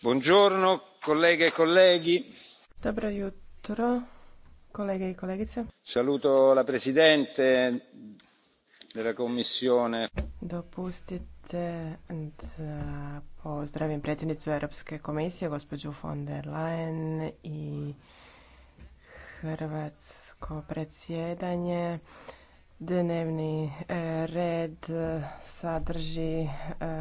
E Dobro jutro, kolege i kolegice. Saluto la presidente della commissione. Dopustite da pozdravim predsjednicu Europske komisije, gospođu von der Leyen i Hrvatsko predsjedanje Dnevni e, red e, sadrži e,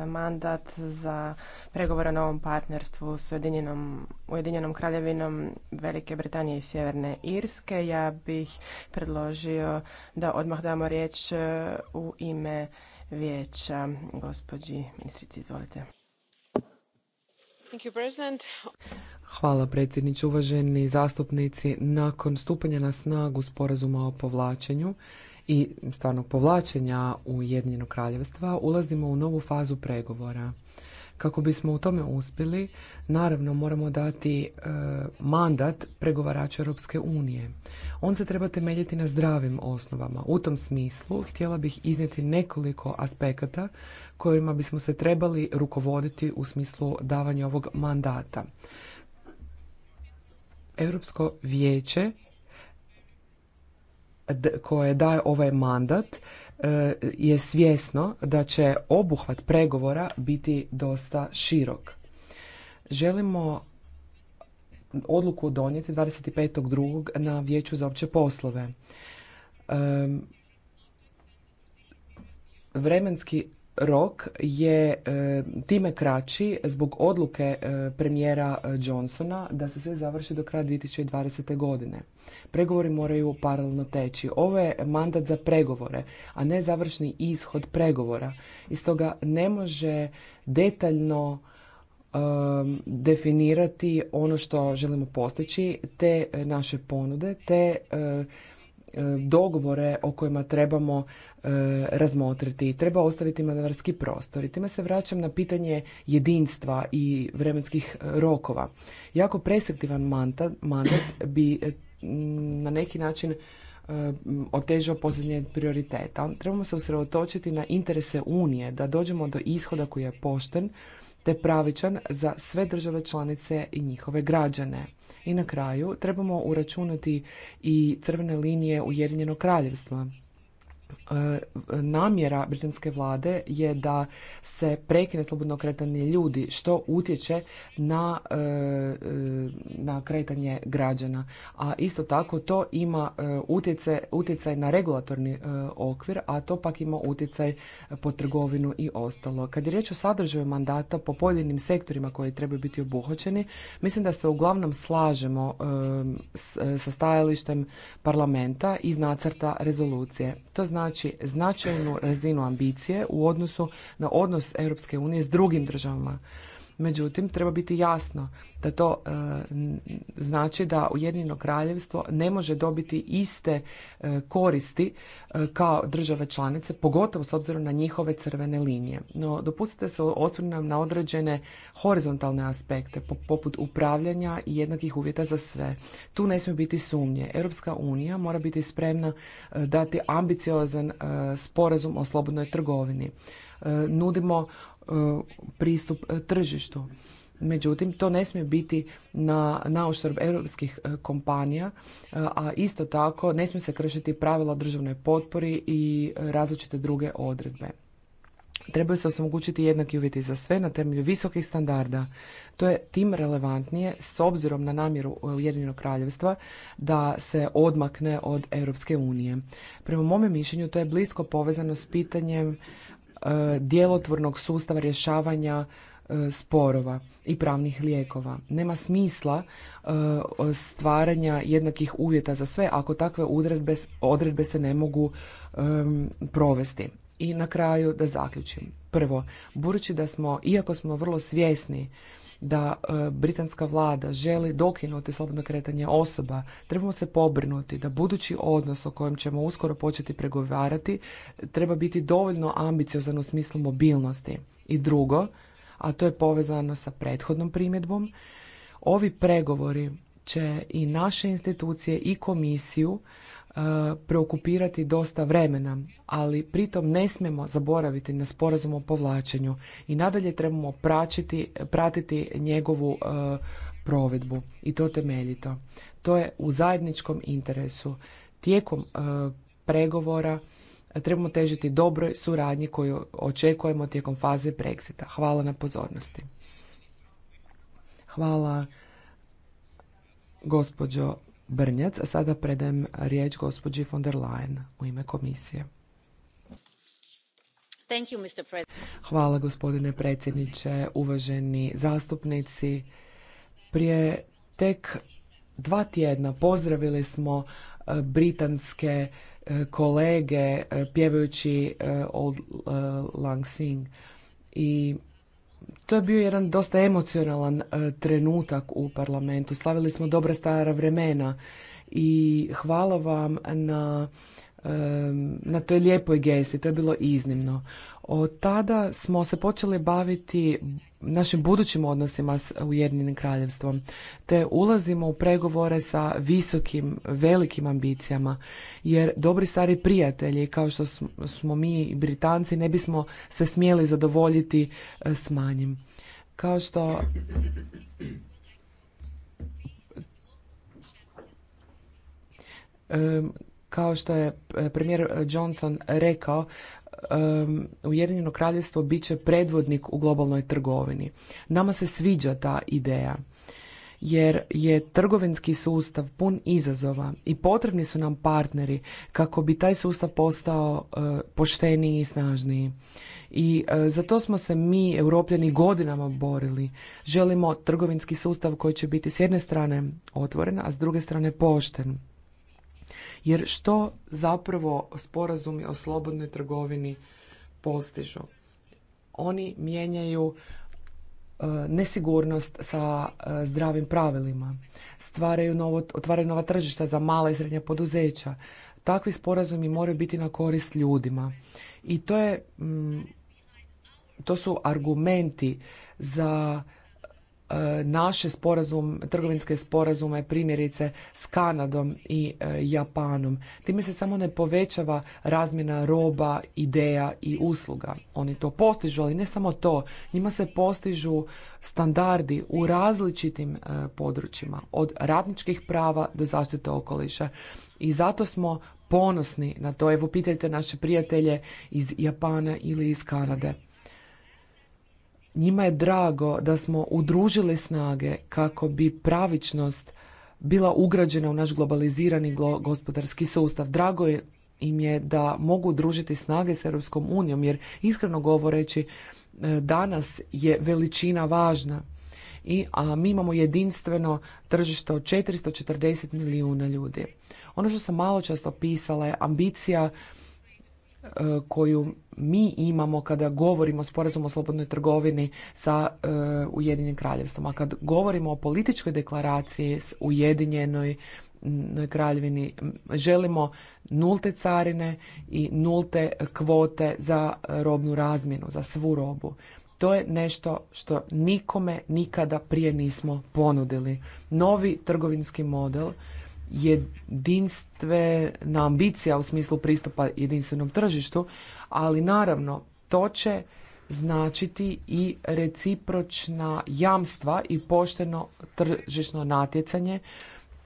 mandat za pregovore o novom partnerstvu s Ujedinjenom, Ujedinjenom kraljevinom Velike Britanije i Sjeverne Irske. Ja bih predložio da odmah damo riječ u ime vijeća. Gospođi ministrici, izvolite. Hvala predsjedniče, uvaženi zastupnici. Nakon stupanja na snagu sporazuma o povlačenju, i stvarnog povlačenja Ujedinjeno kraljevstva ulazimo u novu fazu pregovora. Kako bismo u tome uspjeli, naravno moramo dati e, mandat pregovarača Europske unije. On se treba temeljiti na zdravim osnovama. U tom smislu htjela bih iznijeti nekoliko aspekata kojima bismo se trebali rukovoditi u smislu davanja ovog mandata. Europsko vijeće koje daje ovaj mandat e, je svjesno da će obuhvat pregovora biti dosta širok. Želimo odluku donijeti 25.2. na Vijeću za opće poslove. Vremenski rok je e, time kraći zbog odluke e, premijera e, Johnsona da se sve završi do kraja 2020. godine. Pregovori moraju paralelno teći. Ovo je mandat za pregovore, a ne završni ishod pregovora. Iz stoga ne može detaljno definirati ono što želimo postići, te naše ponude, te E, dogovore o kojima trebamo e, razmotriti. Treba ostaviti manevarski prostor. I time se vraćam na pitanje jedinstva i vremenskih e, rokova. Jako presektivan mandat bi na neki način otežao posljednje prioriteta. Trebamo se usredotočiti na interese Unije, da dođemo do ishoda koji je pošten te pravičan za sve države članice i njihove građane. I na kraju trebamo uračunati i crvene linije Ujedinjenog kraljevstva E, namjera britanske vlade je da se prekine slobodno kretanje ljudi što utječe na, e, e, na kretanje građana. A isto tako to ima utjecaj, utjecaj na regulatorni okvir, a to pak ima utjecaj po trgovinu i ostalo. Kad je riječ o sadržaju mandata po pojedinim sektorima koji trebaju biti obuhvaćeni, mislim da se uglavnom slažemo sa stajalištem parlamenta iz nacrta rezolucije. To znači znači značajnu razinu ambicije u odnosu na odnos Europske unije s drugim državama. Međutim, treba biti jasno da to e, znači da Ujedinjeno kraljevstvo ne može dobiti iste e, koristi E, kao države članice, pogotovo s obzirom na njihove crvene linije. No, dopustite se osvrnem na određene horizontalne aspekte, poput upravljanja i jednakih uvjeta za sve. Tu ne smije biti sumnje. Europska unija mora biti spremna e, dati ambiciozan e, sporazum o slobodnoj trgovini. Nudimo pristup tržištu Međutim, to ne smije biti na europskih e, kompanija, e, a isto tako ne smije se kršiti pravila o državnoj potpori i različite druge odredbe. Trebaju se omogućiti jednaki uvjeti za sve na temelju visokih standarda. To je tim relevantnije s obzirom na namjeru e, Ujedinjenog kraljevstva da se odmakne od Europske unije. Prema mome mišljenju to je blisko povezano s pitanjem djelotvornog sustava rješavanja E, sporova i pravnih lijekova. Nema smisla e, stvaranja jednakih uvjeta za sve ako takve odredbe, odredbe se ne mogu provesti. I na kraju da zaključim. Prvo, budući da smo, iako smo vrlo svjesni da e, britanska vlada želi dokinuti slobodno kretanje osoba, trebamo se pobrinuti da budući odnos o kojem ćemo uskoro početi pregovarati treba biti dovoljno ambiciozan u smislu mobilnosti. I drugo, a to je povezano sa prethodnom primjedbom. Ovi pregovori će i naše institucije i komisiju e, preokupirati dosta vremena, ali pritom ne smijemo zaboraviti na sporazum o povlačenju i nadalje trebamo pratiti njegovu e, provedbu i to temeljito. To je u zajedničkom interesu. Tijekom e, pregovora trebamo težiti dobroj suradnji koju očekujemo tijekom faze Brexita. Hvala na pozornosti. Hvala gospođo Brnjac, a sada predajem riječ gospođi von der Leyen u ime komisije. Hvala gospodine predsjedniče, uvaženi zastupnici. Prije tek dva tjedna pozdravili smo E, britanske e, kolege e, pjevajući Old Lang Syne i to je bio jedan dosta emocionalan trenutak u parlamentu. Slavili smo dobra stara vremena i hvala vam na na toj lijepoj gesti. To je bilo iznimno. Od tada smo se počeli baviti našim budućim odnosima s Ujedinjenim kraljevstvom, te ulazimo u pregovore sa visokim, velikim ambicijama, jer dobri stari prijatelji kao što smo mi i Britanci ne bismo se smjeli zadovoljiti e, s manjim. Kao kao što je e, premijer Johnson rekao, um, Ujedinjeno kraljevstvo bit će predvodnik u globalnoj trgovini. Nama se sviđa ta ideja jer je trgovinski sustav pun izazova i potrebni su nam partneri kako bi taj sustav postao e, pošteniji i snažniji. I zato e, za to smo se mi, europljani, godinama borili. Želimo trgovinski sustav koji će biti s jedne strane otvoren, a s druge strane pošten jer što zapravo sporazumi o slobodnoj trgovini postižu? Oni mijenjaju e, nesigurnost sa e, zdravim pravilima, stvaraju novo, otvaraju nova tržišta za mala i srednja poduzeća. Takvi sporazumi moraju biti na korist ljudima. I to je, mm, to su argumenti za E, naše sporazum, trgovinske sporazume primjerice s Kanadom i e, Japanom. Time se samo ne povećava razmjena roba, ideja i usluga. Oni to postižu, ali ne samo to. Njima se postižu standardi u različitim e, područjima, od radničkih prava do zaštite okoliša. I zato smo ponosni na to. Evo pitajte naše prijatelje iz Japana ili iz Kanade. Njima je drago da smo udružili snage kako bi pravičnost bila ugrađena u naš globalizirani gospodarski sustav. Drago je im je da mogu družiti snage s Europskom unijom, jer iskreno govoreći e, danas je veličina važna. I, a mi imamo jedinstveno tržište od 440 milijuna ljudi. Ono što sam malo često pisala je ambicija E, koju mi imamo kada govorimo o sporazumu o slobodnoj trgovini sa e, Ujedinjenim kraljevstvom. A kad govorimo o političkoj deklaraciji s Ujedinjenoj kraljevini, želimo nulte carine i nulte kvote za robnu razmjenu, za svu robu. To je nešto što nikome nikada prije nismo ponudili. Novi trgovinski model jedinstvena ambicija u smislu pristupa jedinstvenom tržištu, ali naravno to će značiti i recipročna jamstva i pošteno tržišno natjecanje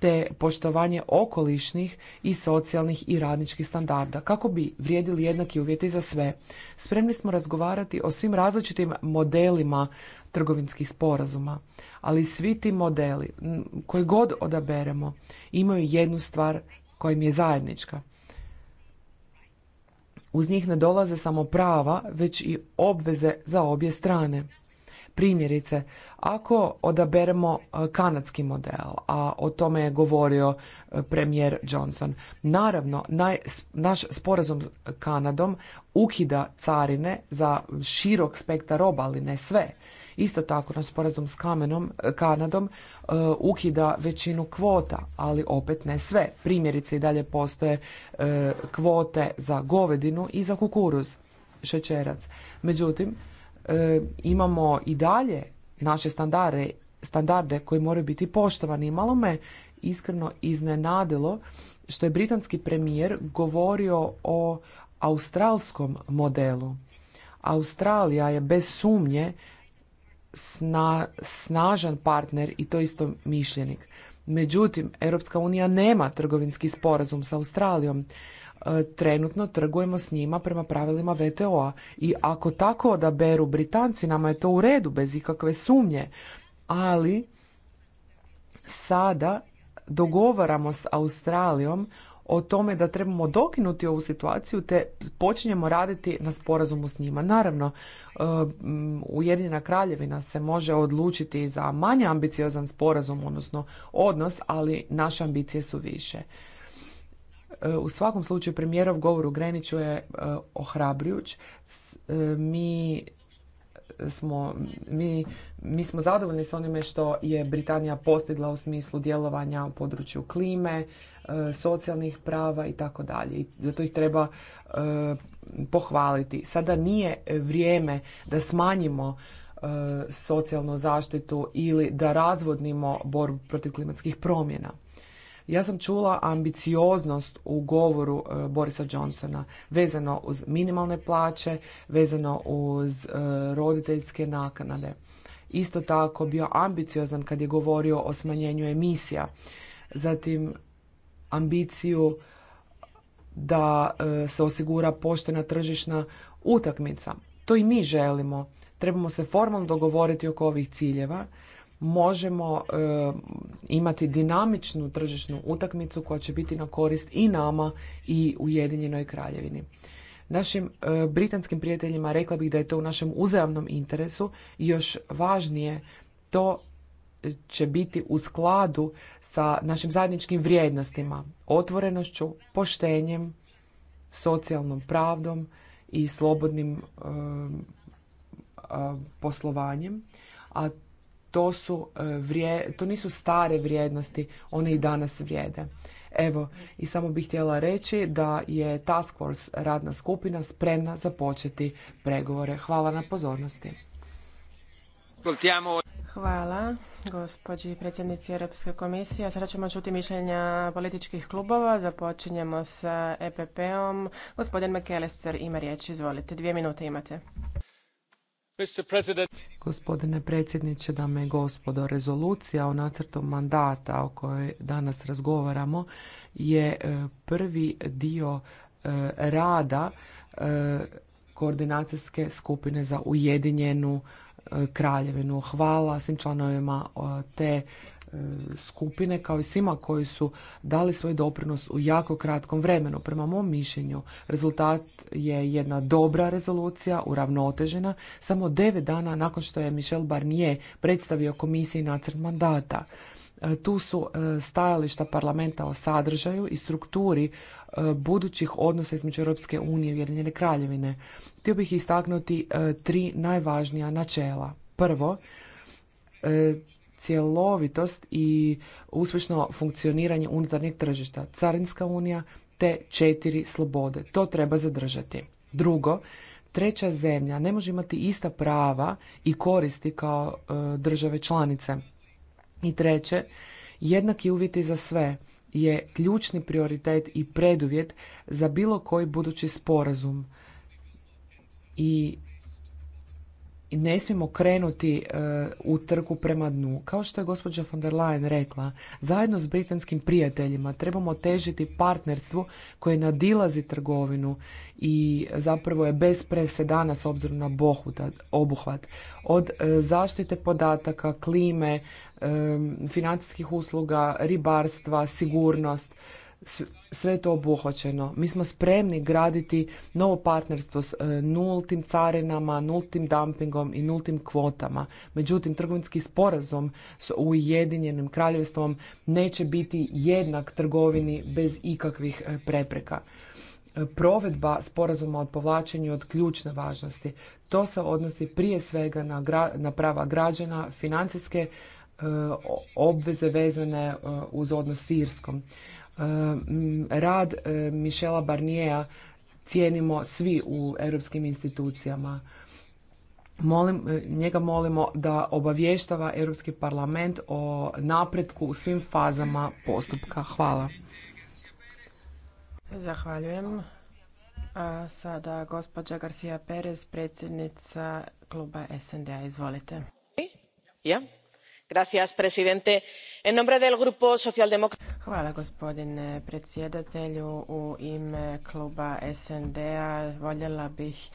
te poštovanje okolišnih i socijalnih i radničkih standarda kako bi vrijedili jednaki uvjeti za sve. Spremni smo razgovarati o svim različitim modelima trgovinskih sporazuma, ali svi ti modeli koji god odaberemo imaju jednu stvar koja im je zajednička. Uz njih ne dolaze samo prava, već i obveze za obje strane. Primjerice, ako odaberemo e, kanadski model, a o tome je govorio e, premijer Johnson, naravno naš sporazum s Kanadom ukida carine za širok spektar roba, ali ne sve. Isto tako na sporazum s kamenom, e, Kanadom ukida većinu kvota, ali opet ne sve. Primjerice i dalje postoje kvote za govedinu i za kukuruz, šećerac. Međutim, E, imamo i dalje naše standarde, standarde koji moraju biti poštovani. malo me iskreno iznenadilo što je britanski premijer govorio o australskom modelu. Australija je bez sumnje snažan partner i to isto mišljenik. Međutim, Europska unija nema trgovinski sporazum sa Australijom. E, trenutno trgujemo s njima prema pravilima VTO-a. I ako tako odaberu Britanci, nama je to u redu, bez ikakve sumnje. Ali sada dogovaramo s Australijom o tome da trebamo dokinuti ovu situaciju te počinjemo raditi na sporazumu s njima. Naravno, e, Ujedinjena kraljevina se može odlučiti za manje ambiciozan sporazum, odnosno odnos, ali naše ambicije su više. E, u svakom slučaju premijerov govor u Greniću je e, ohrabrujuć. E, mi smo, mi, mi smo zadovoljni s onime što je Britanija postigla u smislu djelovanja u području klime, socijalnih prava i tako dalje. zato ih treba pohvaliti. Sada nije vrijeme da smanjimo socijalnu zaštitu ili da razvodnimo borbu protiv klimatskih promjena. Ja sam čula ambicioznost u govoru e, Borisa Johnsona vezano uz minimalne plaće, vezano uz e, roditeljske naknade. Isto tako bio ambiciozan kad je govorio o smanjenju emisija. Zatim ambiciju da e, se osigura poštena tržišna utakmica. To i mi želimo. Trebamo se formalno dogovoriti oko ovih ciljeva možemo eh, imati dinamičnu tržišnu utakmicu koja će biti na korist i nama i Ujedinjenoj kraljevini. Našim eh, britanskim prijateljima rekla bih da je to u našem uzajamnom interesu i još važnije to će biti u skladu sa našim zajedničkim vrijednostima, otvorenošću, poštenjem, socijalnom pravdom i slobodnim eh, poslovanjem, a to, su, e, to nisu stare vrijednosti, one i danas vrijede. Evo, i samo bih htjela reći da je Task Force radna skupina spremna započeti pregovore. Hvala na pozornosti. Hvala gospođi predsjednici Europske komisije. Sada ćemo čuti mišljenja političkih klubova. Započinjemo sa EPP-om. Gospodin McAllister ima riječ. Izvolite, dvije minute imate. Gospodine predsjedniče, dame i gospodo, rezolucija o nacrtu mandata o kojoj danas razgovaramo je e, prvi dio e, rada e, koordinacijske skupine za ujedinjenu kraljevinu. Hvala svim članovima te skupine kao i svima koji su dali svoj doprinos u jako kratkom vremenu. Prema mom mišljenju rezultat je jedna dobra rezolucija, uravnotežena, samo devet dana nakon što je Michel Barnier predstavio komisiji nacrt mandata. E, tu su e, stajališta parlamenta o sadržaju i strukturi e, budućih odnosa između Europske unije i Ujedinjene kraljevine. Htio bih istaknuti tri najvažnija načela. Prvo, cjelovitost i uspješno funkcioniranje unutarnjeg tržišta, carinska unija te četiri slobode. To treba zadržati. Drugo, treća zemlja ne može imati ista prava i koristi kao e, države članice. I treće, jednaki uvjeti za sve je ključni prioritet i preduvjet za bilo koji budući sporazum i ne smijemo krenuti e, u trku prema dnu. Kao što je gospođa von der Leyen rekla, zajedno s britanskim prijateljima trebamo težiti partnerstvu koje nadilazi trgovinu i zapravo je bez presedana s obzirom na obuhvat. Od e, zaštite podataka, klime, e, financijskih usluga, ribarstva, sigurnost, sve to obuhvaćeno. Mi smo spremni graditi novo partnerstvo s e, nultim carinama, nultim dumpingom i nultim kvotama. Međutim, trgovinski sporazum s Ujedinjenim kraljevstvom neće biti jednak trgovini bez ikakvih e, prepreka. E, provedba sporazuma o povlačenju od ključne važnosti. To se odnosi prije svega na, na prava građana, financijske obveze vezane uz odnos s Irskom. Eh, rad eh, Mišela Barnijeja cijenimo svi u europskim institucijama. Molim, eh, njega molimo da obavještava Europski parlament o napretku u svim fazama postupka. Hvala. Zahvaljujem. A sada gospođa Garcia Perez, predsjednica kluba snda Izvolite. Ja. Gracias, presidente. En nombre del grupo Hvala gospodine predsjedatelju. U ime kluba SND-a voljela bih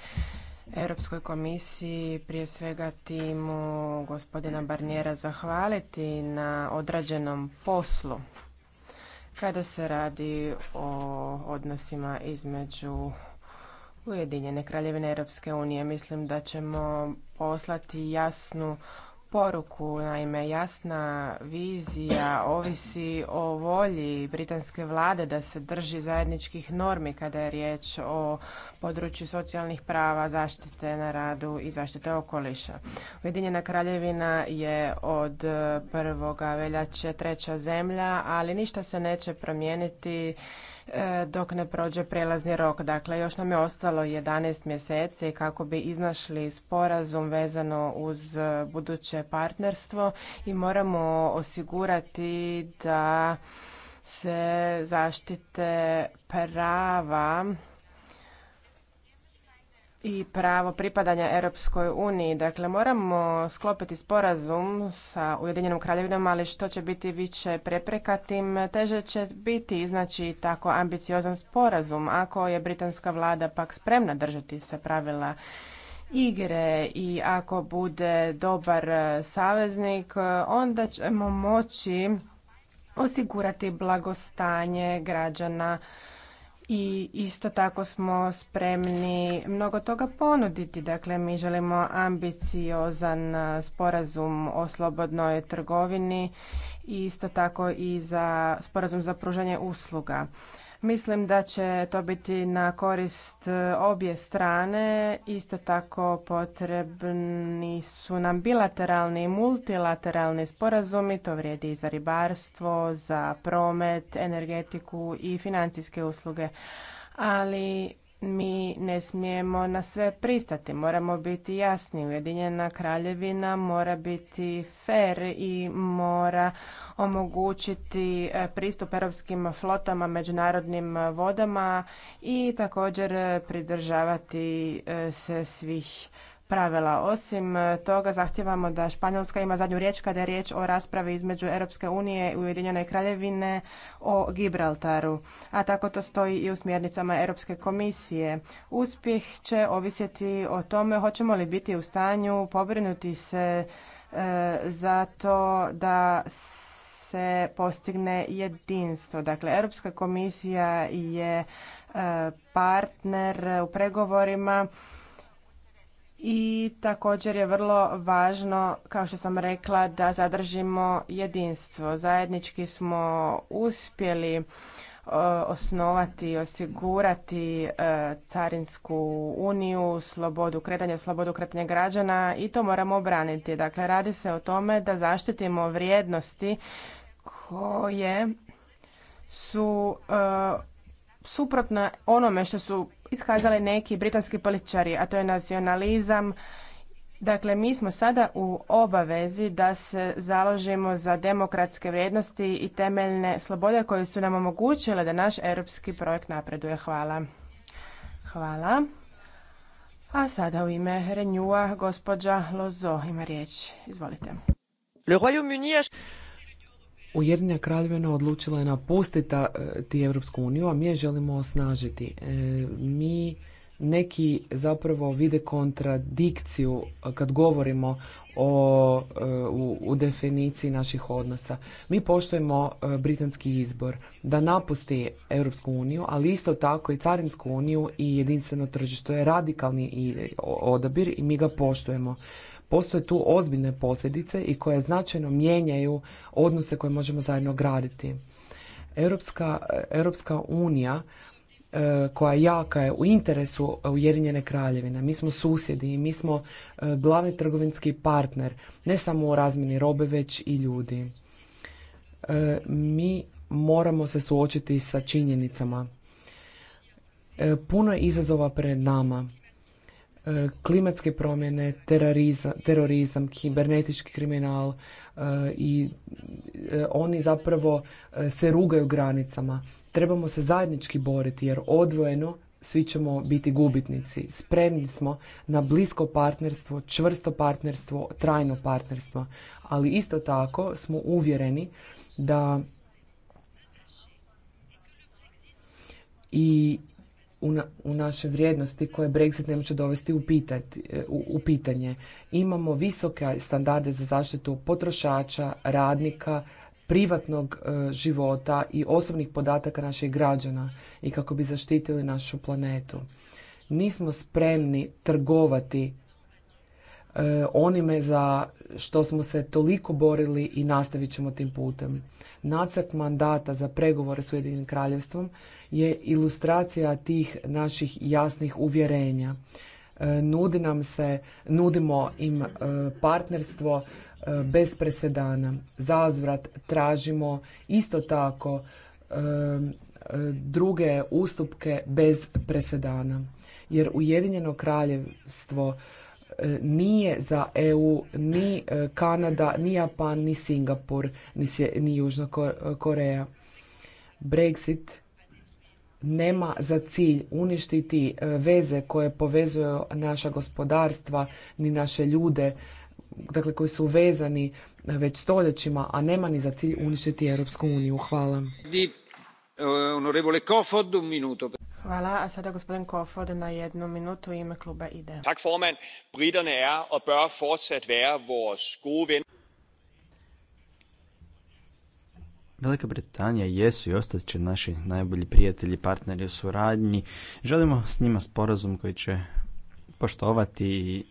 Europskoj komisiji, prije svega timu gospodina Barnijera zahvaliti na odrađenom poslu kada se radi o odnosima između Ujedinjene kraljevine Europske unije. Mislim da ćemo poslati jasnu poruku. Naime, jasna vizija ovisi o volji britanske vlade da se drži zajedničkih normi kada je riječ o području socijalnih prava, zaštite na radu i zaštite okoliša. Ujedinjena kraljevina je od 1. veljače treća zemlja, ali ništa se neće promijeniti E, dok ne prođe prelazni rok. Dakle, još nam je ostalo 11 mjeseci kako bi iznašli sporazum vezano uz buduće partnerstvo i moramo osigurati da se zaštite prava i pravo pripadanja Europskoj uniji. Dakle, moramo sklopiti sporazum sa Ujedinjenom kraljevinom, ali što će biti više prepreka, tim teže će biti znači tako ambiciozan sporazum. Ako je britanska vlada pak spremna držati se pravila igre i ako bude dobar saveznik, onda ćemo moći osigurati blagostanje građana i isto tako smo spremni mnogo toga ponuditi. Dakle, mi želimo ambiciozan sporazum o slobodnoj trgovini i isto tako i za sporazum za pružanje usluga. Mislim da će to biti na korist e, obje strane. Isto tako potrebni su nam bilateralni i multilateralni sporazumi. To vrijedi i za ribarstvo, za promet, energetiku i financijske usluge. Ali mi ne smijemo na sve pristati, moramo biti jasni. Ujedinjena kraljevina mora biti fer i mora omogućiti e, pristup europskim flotama, međunarodnim vodama i također pridržavati e, se svih pravila. Osim e, toga zahtjevamo da Španjolska ima zadnju riječ kada je riječ o raspravi između Europske unije i Ujedinjene kraljevine o Gibraltaru. A tako to stoji i u smjernicama Europske komisije. Uspjeh će ovisjeti o tome hoćemo li biti u stanju pobrinuti se e, za to da se postigne jedinstvo. Dakle, Europska komisija je e, partner u pregovorima i također je vrlo važno, kao što sam rekla, da zadržimo jedinstvo. Zajednički smo uspjeli e, osnovati, osigurati e, carinsku uniju, slobodu kretanja, slobodu kretanja građana i to moramo obraniti. Dakle, radi se o tome da zaštitimo vrijednosti koje su e, suprotne onome što su iskazali neki britanski političari, a to je nacionalizam. Dakle, mi smo sada u obavezi da se založimo za demokratske vrijednosti i temeljne slobode koje su nam omogućile da naš europski projekt napreduje. Hvala. Hvala. A sada u ime Renjua gospođa Lozo ima riječ. Izvolite. Le Royaume-Uni Ujedinja kraljevina odlučila je napustiti Europsku uniju, a mi je želimo osnažiti. E, mi neki zapravo vide kontradikciju e, kad govorimo o, e, u, definiciji naših odnosa. Mi poštujemo britanski izbor da napusti Europsku uniju, ali isto tako i Carinsku uniju i jedinstveno tržište. To je radikalni odabir i mi ga poštujemo postoje tu ozbiljne posljedice i koje značajno mijenjaju odnose koje možemo zajedno graditi. Europska, Europska unija e, koja je jaka je u interesu Ujedinjene kraljevine. Mi smo susjedi i mi smo e, glavni trgovinski partner, ne samo u razmjeni robe, već i ljudi. E, mi moramo se suočiti sa činjenicama. Puno je izazova pred nama E, klimatske promjene, terorizam, kibernetički kriminal e, i e, oni zapravo se rugaju granicama. Trebamo se zajednički boriti jer odvojeno svi ćemo biti gubitnici. Spremni smo na blisko partnerstvo, čvrsto partnerstvo, trajno partnerstvo, ali isto tako smo uvjereni da i u, na, naše vrijednosti koje Brexit ne može dovesti e, u, u, pitanje. Imamo visoke standarde za zaštitu potrošača, radnika, privatnog e, života i osobnih podataka naših građana i kako bi zaštitili našu planetu. Nismo spremni trgovati E, onime za što smo se toliko borili i nastavit ćemo tim putem. Nacrt mandata za pregovore s Ujedinim kraljevstvom je ilustracija tih naših jasnih uvjerenja. E, nudi nam se, nudimo im e, partnerstvo bez presedana. Zazvrat tražimo isto tako druge ustupke bez presedana. Jer Ujedinjeno kraljevstvo E, nije za EU ni e, Kanada, ni Japan, ni Singapur, ni, ni Južna e, Koreja. Brexit nema za cilj uništiti veze koje povezuju naša gospodarstva ni naše ljude, dakle koji su vezani već stoljećima, a nema ni za cilj uništiti Europsku uniju. Hvala sada gospodin na jednu minutu ime kluba IDE. Tak formand. briterne er og bør fortsat være vores gode ven. Velika Britanija jesu i ostat će naši najbolji prijatelji, partneri u suradnji. Želimo s njima sporazum koji će poštovati i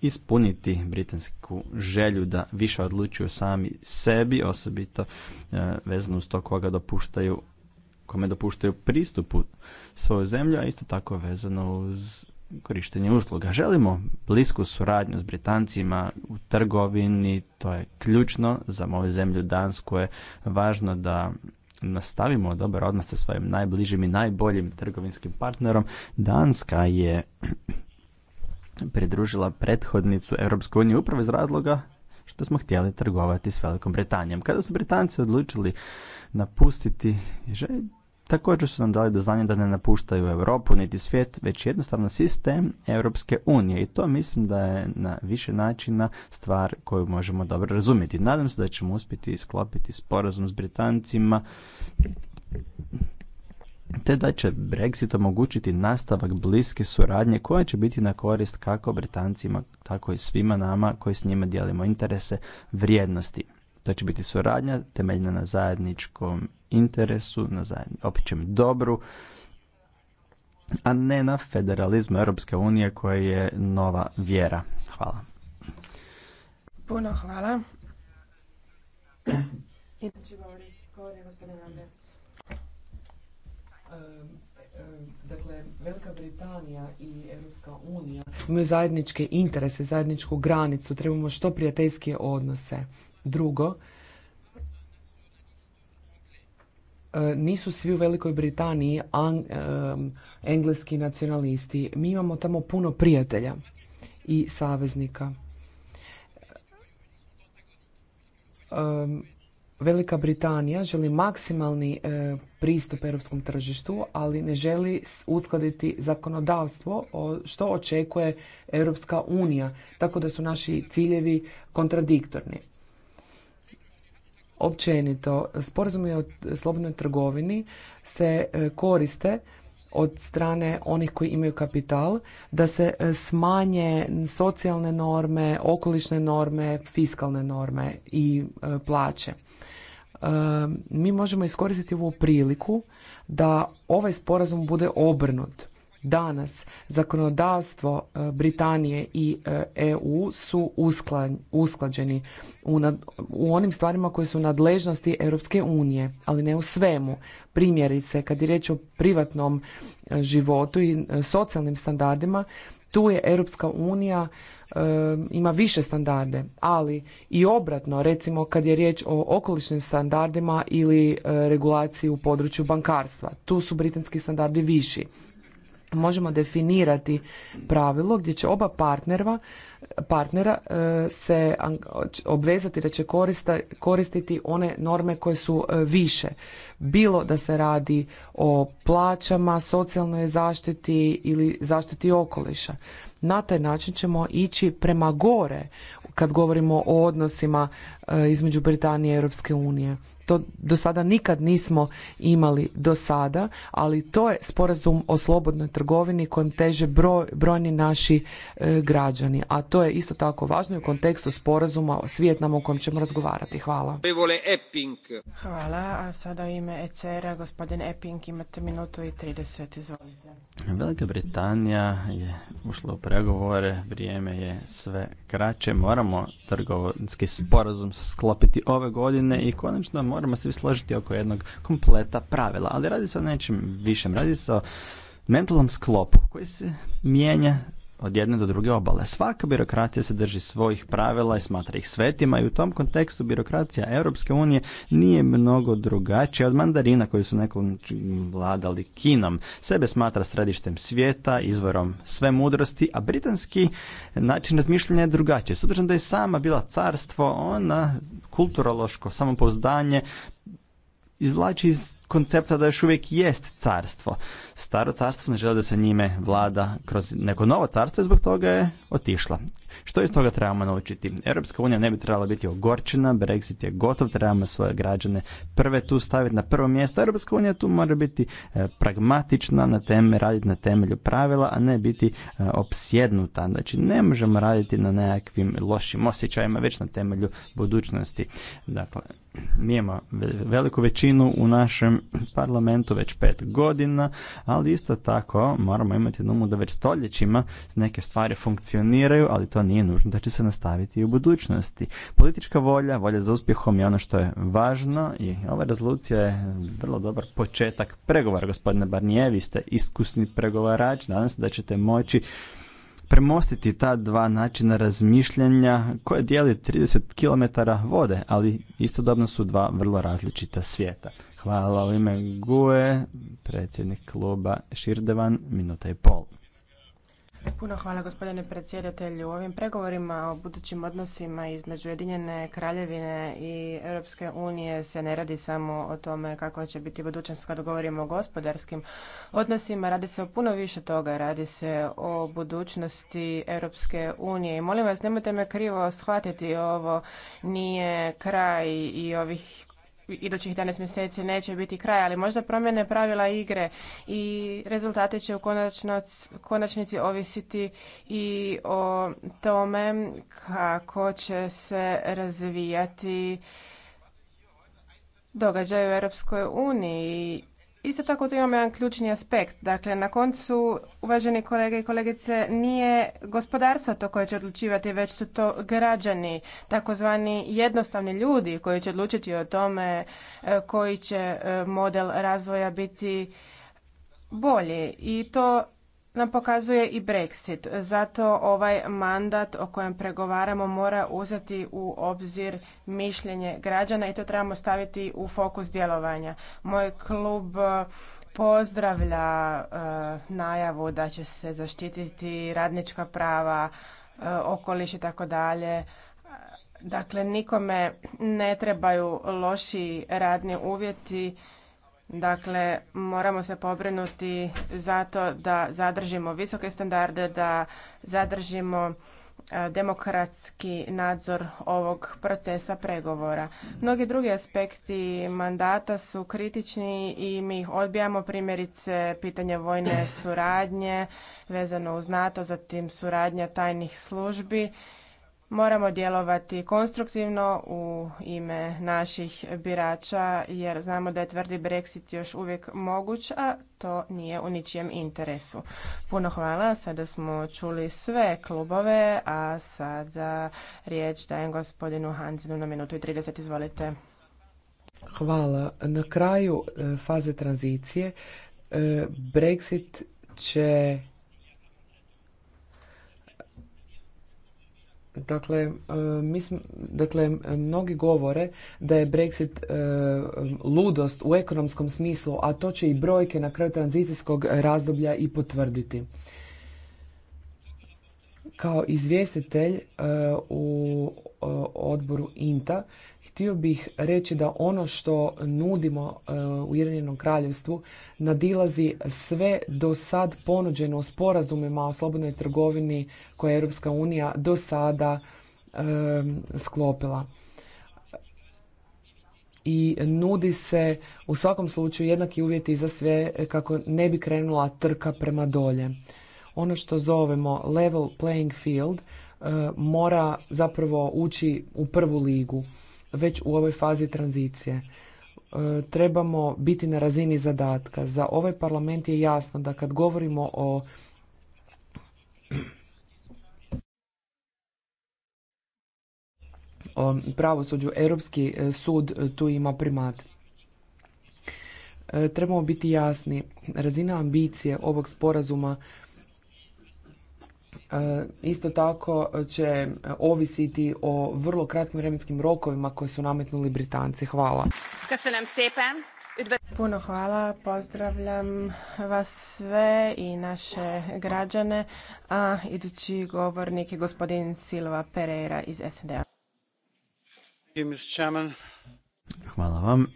ispuniti britansku želju da više odlučuju sami sebi, osobito e, vezano uz to koga dopuštaju kome dopuštaju pristupu svoju zemlju, a isto tako vezano uz korištenje usluga. Želimo blisku suradnju s Britancima u trgovini, to je ključno za moju zemlju Dansku je važno da nastavimo dobar odnos sa svojim najbližim i najboljim trgovinskim partnerom. Danska je pridružila prethodnicu Europskoj uniji upravo iz razloga što smo htjeli trgovati s Velikom Britanijom. Kada su Britanci odlučili napustiti Također su nam dali do znanja da ne napuštaju Europu niti svijet, već jednostavno sistem Europske unije i to mislim da je na više načina stvar koju možemo dobro razumjeti. Nadam se da ćemo uspjeti sklopiti sporazum s Britancima te da će Brexit omogućiti nastavak bliske suradnje koja će biti na korist kako Britancima, tako i svima nama koji s njima dijelimo interese vrijednosti. To će biti suradnja temeljna na zajedničkom interesu, na zajedni, općem dobru, a ne na federalizmu Europske unije koja je nova vjera. Hvala. Puno hvala. dakle Velika Britanija i Europska unija imaju zajedničke interese, zajedničku granicu, trebamo što prijateljske odnose. Drugo, e, nisu svi u Velikoj Britaniji engleski nacionalisti. Mi imamo tamo puno prijatelja i saveznika. Um, Velika Britanija želi maksimalni e, pristup europskom tržištu, ali ne želi uskladiti zakonodavstvo o što očekuje Europska unija, tako da su naši ciljevi kontradiktorni. Općenito, sporazumi o slobodnoj trgovini se e, koriste od strane onih koji imaju kapital da se e, smanje socijalne norme, okolišne norme, fiskalne norme i plaće mi možemo iskoristiti ovu priliku da ovaj sporazum bude obrnut. Danas zakonodavstvo e, Britanije i EU e su usklađeni u, onim stvarima koje su nadležnosti Europske unije, ali ne u svemu. Primjerice, kad je riječ o privatnom e, životu i socijalnim standardima, tu je Europska unija ima više standarde, ali i obratno, recimo kad je riječ o okolišnim standardima ili e, regulaciji u području bankarstva. Tu su britanski standardi viši. Možemo definirati pravilo gdje će oba partnerva, partnera e, se obvezati da će koristiti one norme koje su e, više bilo da se radi o plaćama, socijalnoj zaštiti ili zaštiti okoliša. Na taj način ćemo ići prema gore kad govorimo o odnosima e, između Britanije i Europske unije to do sada nikad nismo imali do sada, ali to je sporazum o slobodnoj trgovini kojem teže broj, brojni naši e, građani, a to je isto tako važno i u kontekstu sporazuma s Vjetnamom o kojem ćemo razgovarati. Hvala. Hvala, a sada ime ECR-a, gospodin Epping, imate minutu i 30, izvolite. Velika Britanija je ušla u pregovore, vrijeme je sve kraće, moramo trgovinski sporazum sklopiti ove godine i konačno moramo se složiti oko jednog kompleta pravila, ali radi se o nečem višem, radi se o mentalnom sklopu koji se mijenja od jedne do druge obale. Svaka birokracija se drži svojih pravila i smatra ih svetima i u tom kontekstu birokracija Europske unije nije mnogo drugačija od mandarina koji su nekom vladali Kinom. Sebe smatra središtem svijeta, izvorom sve mudrosti, a britanski način razmišljanja je drugačiji. S da je sama bila carstvo, ona kulturološko samopouzdanje izvlači iz koncepta da još uvijek jest carstvo. Staro carstvo ne žele da se njime vlada kroz neko novo carstvo i zbog toga je otišla. Što iz toga trebamo naučiti? Europska unija ne bi trebala biti ogorčena, Brexit je gotov, trebamo svoje građane prve tu staviti na prvo mjesto. Europska unija tu mora biti e, pragmatična, na teme, raditi na temelju pravila, a ne biti e, opsjednuta. Znači ne možemo raditi na nekakvim lošim osjećajima, već na temelju budućnosti. Dakle, mi imamo veliku većinu u našem parlamentu već pet godina, ali isto tako moramo imati na umu da već stoljećima neke stvari funkcioniraju, ali to nije nužno da će se nastaviti i u budućnosti. Politička volja, volja za uspjehom je ono što je važno i ova rezolucija je vrlo dobar početak pregovora. Gospodine Barnijevi ste iskusni pregovarač, nadam se da ćete moći premostiti ta dva načina razmišljanja koje dijeli 30 km vode, ali istodobno su dva vrlo različita svijeta. Hvala u ime Gue, predsjednik kluba Širdevan, minuta i pol. Puno hvala gospodine predsjedatelju. U ovim pregovorima o budućim odnosima između Ujedinjene kraljevine i Europske unije se ne radi samo o tome kakva će biti budućnost kad govorimo o gospodarskim odnosima. Radi se o puno više toga. Radi se o budućnosti Europske unije. I molim vas, nemojte me krivo shvatiti. Ovo nije kraj i ovih idućih 11 mjeseci neće biti kraj, ali možda promjene pravila igre i rezultate će u konačnici ovisiti i o tome kako će se razvijati događaj u Europskoj uniji Isto tako tu imamo jedan ključni aspekt. Dakle, na koncu, uvaženi kolege i kolegice, nije gospodarstvo to koje će odlučivati, već su to građani, takozvani jednostavni ljudi koji će odlučiti o tome e, koji će e, model razvoja biti bolji. I to nam pokazuje i Brexit. Zato ovaj mandat o kojem pregovaramo mora uzeti u obzir mišljenje građana i to trebamo staviti u fokus djelovanja. Moj klub e, pozdravlja e, najavu da će se zaštititi radnička prava, e, okoliš i tako dalje. Dakle, nikome ne trebaju loši radni uvjeti Dakle, moramo se pobrinuti zato da zadržimo visoke standarde, da zadržimo e, demokratski nadzor ovog procesa pregovora. Mnogi drugi aspekti mandata su kritični i mi ih odbijamo, primjerice pitanje vojne suradnje vezano uz NATO, zatim suradnja tajnih službi Moramo djelovati konstruktivno u ime naših birača jer znamo da je tvrdi Brexit još uvijek moguć, a to nije u ničijem interesu. Puno hvala, sada smo čuli sve klubove, a sada riječ dajem gospodinu Hanzinu na minutu i 30, izvolite. Hvala. Na kraju e, faze tranzicije e, Brexit će Dakle, e, dakle, mnogi govore da je Brexit e, ludost u ekonomskom smislu, a to će i brojke na kraju tranzicijskog razdoblja i potvrditi. Kao izvjestitelj e, u odboru INTA Htio bih reći da ono što nudimo e, u Ujedinjenom kraljevstvu nadilazi sve do sad ponuđeno u sporazumima o slobodnoj trgovini koje je Europska unija do sada e, sklopila i nudi se u svakom slučaju jednaki uvjeti za sve kako ne bi krenula trka prema dolje. Ono što zovemo level playing field e, mora zapravo ući u prvu ligu već u ovoj fazi tranzicije. E, trebamo biti na razini zadatka. Za ovaj parlament je jasno da kad govorimo o o pravosuđu, Europski e, sud e, tu ima primat. Trebamo biti jasni, razina ambicije ovog sporazuma E, isto tako će ovisiti o vrlo kratkim vremenskim rokovima koje su nametnuli Britanci. Hvala. Puno hvala, pozdravljam vas sve i naše građane. A idući govornik je gospodin Silva Pereira iz SDA. Hvala vam.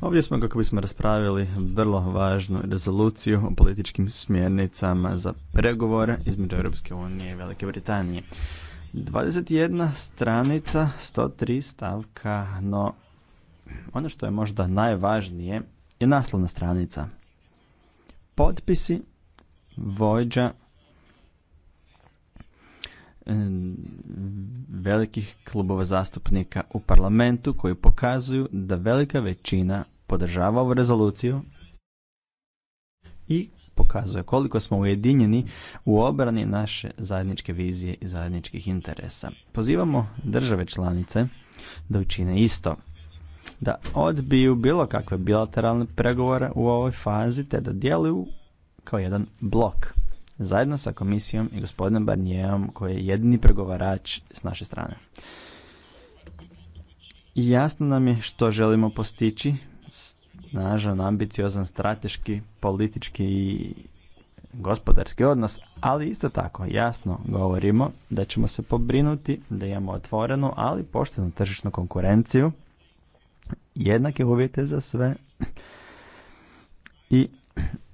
Ovdje smo kako bismo raspravili vrlo važnu rezoluciju o političkim smjernicama za pregovore između Europske unije i Velike Britanije. 21 stranica, 103 stavka, no ono što je možda najvažnije je naslovna stranica. Potpisi vođa velikih klubova zastupnika u parlamentu koji pokazuju da velika većina podržava ovu rezoluciju i pokazuje koliko smo ujedinjeni u obrani naše zajedničke vizije i zajedničkih interesa. Pozivamo države članice da učine isto, da odbiju bilo kakve bilateralne pregovore u ovoj fazi te da djeluju kao jedan blok zajedno sa komisijom i gospodinom Barnijevom koji je jedini pregovarač s naše strane. I jasno nam je što želimo postići, snažan, ambiciozan, strateški, politički i gospodarski odnos, ali isto tako jasno govorimo da ćemo se pobrinuti da imamo otvorenu, ali poštenu tržišnu konkurenciju, jednake uvjete za sve i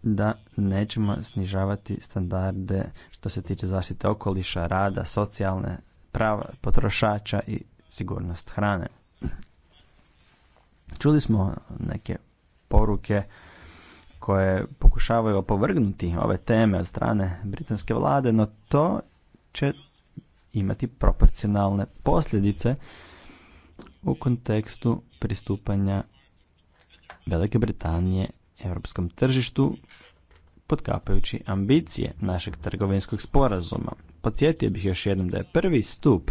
da nećemo snižavati standarde što se tiče zaštite okoliša, rada, socijalne prava potrošača i sigurnost hrane. Čuli smo neke poruke koje pokušavaju opovrgnuti ove teme od strane britanske vlade, no to će imati proporcionalne posljedice u kontekstu pristupanja Velike Britanije europskom tržištu potkapajući ambicije našeg trgovinskog sporazuma. Podsjetio bih još jednom da je prvi stup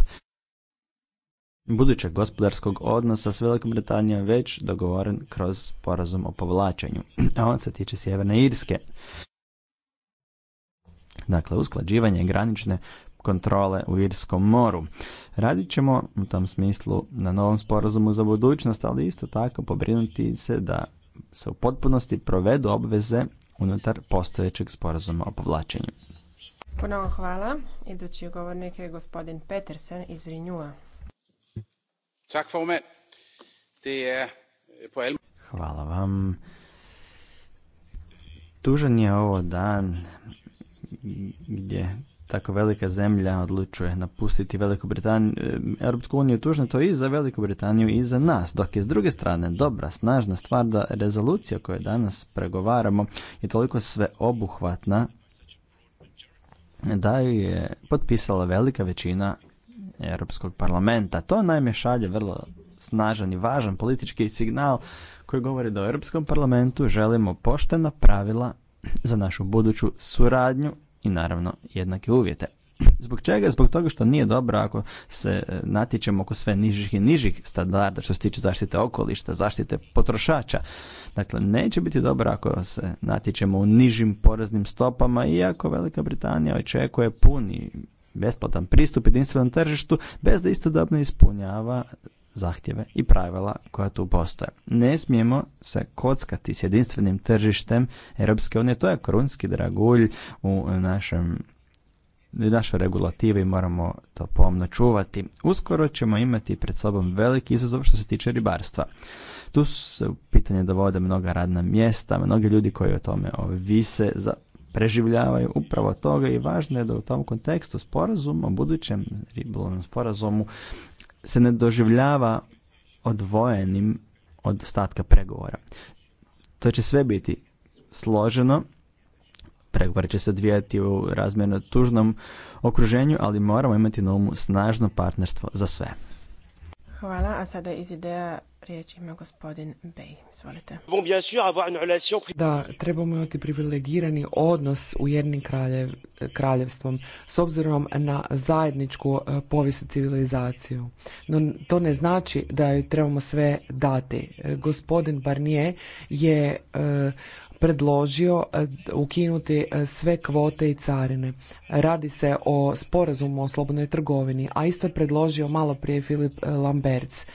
budućeg gospodarskog odnosa s Velikom Britanijom već dogovoren kroz sporazum o povlačenju, a on se tiče Sjeverne Irske. Dakle, usklađivanje granične kontrole u Irskom moru. Radit ćemo u tom smislu na novom sporazumu za budućnost, ali isto tako pobrinuti se da se u potpunosti provedu obveze unutar postojećeg sporazuma o povlačenju. Ponovo hvala. Idući govornik je gospodin Petersen iz Rinjua. Er, øh, hvala vam. Tužan je ovo dan gdje tako velika zemlja odlučuje napustiti Veliku Britaniju, eh, Europsku uniju, tužno to i za Veliku Britaniju i za nas. Dok je s druge strane dobra, snažna stvar da rezolucija koju danas pregovaramo je toliko sveobuhvatna da ju je potpisala velika većina Europskog parlamenta. To najme šalje vrlo snažan i važan politički signal koji govori da u Europskom parlamentu želimo poštena pravila za našu buduću suradnju i naravno jednake uvjete. Zbog čega? Zbog toga što nije dobro ako se e, natječemo oko sve nižih i nižih standarda što se tiče zaštite okolišta, zaštite potrošača. Dakle, neće biti dobro ako se natječemo u nižim poreznim stopama, iako Velika Britanija očekuje puni besplatan pristup jedinstvenom tržištu bez da istodobno ispunjava zahtjeve i pravila koja tu postoje. Ne smijemo se kockati s jedinstvenim tržištem Europske unije. To je krunski dragulj u našem našoj regulativi moramo to pomno čuvati. Uskoro ćemo imati pred sobom veliki izazov što se tiče ribarstva. Tu se u pitanje dovode mnoga radna mjesta, mnogi ljudi koji o tome ovise za preživljavaju upravo toga i važno je da u tom kontekstu sporazum o budućem ribolovnom sporazumu se ne doživljava odvojenim od ostatka pregovora. To će sve biti složeno, pregovore će se odvijati u razmjerno tužnom okruženju, ali moramo imati na umu snažno partnerstvo za sve. Hvala, a sada iz ideja Riječ ima gospodin Bey. Izvolite. Da, trebamo imati privilegirani odnos u jednim kraljevstvom s obzirom na zajedničku e, povijest civilizaciju. No, to ne znači da joj trebamo sve dati. E, gospodin Barnier je e, predložio ukinuti sve kvote i carine. Radi se o sporazumu o slobodnoj trgovini, a isto je predložio malo prije Filip Lamberts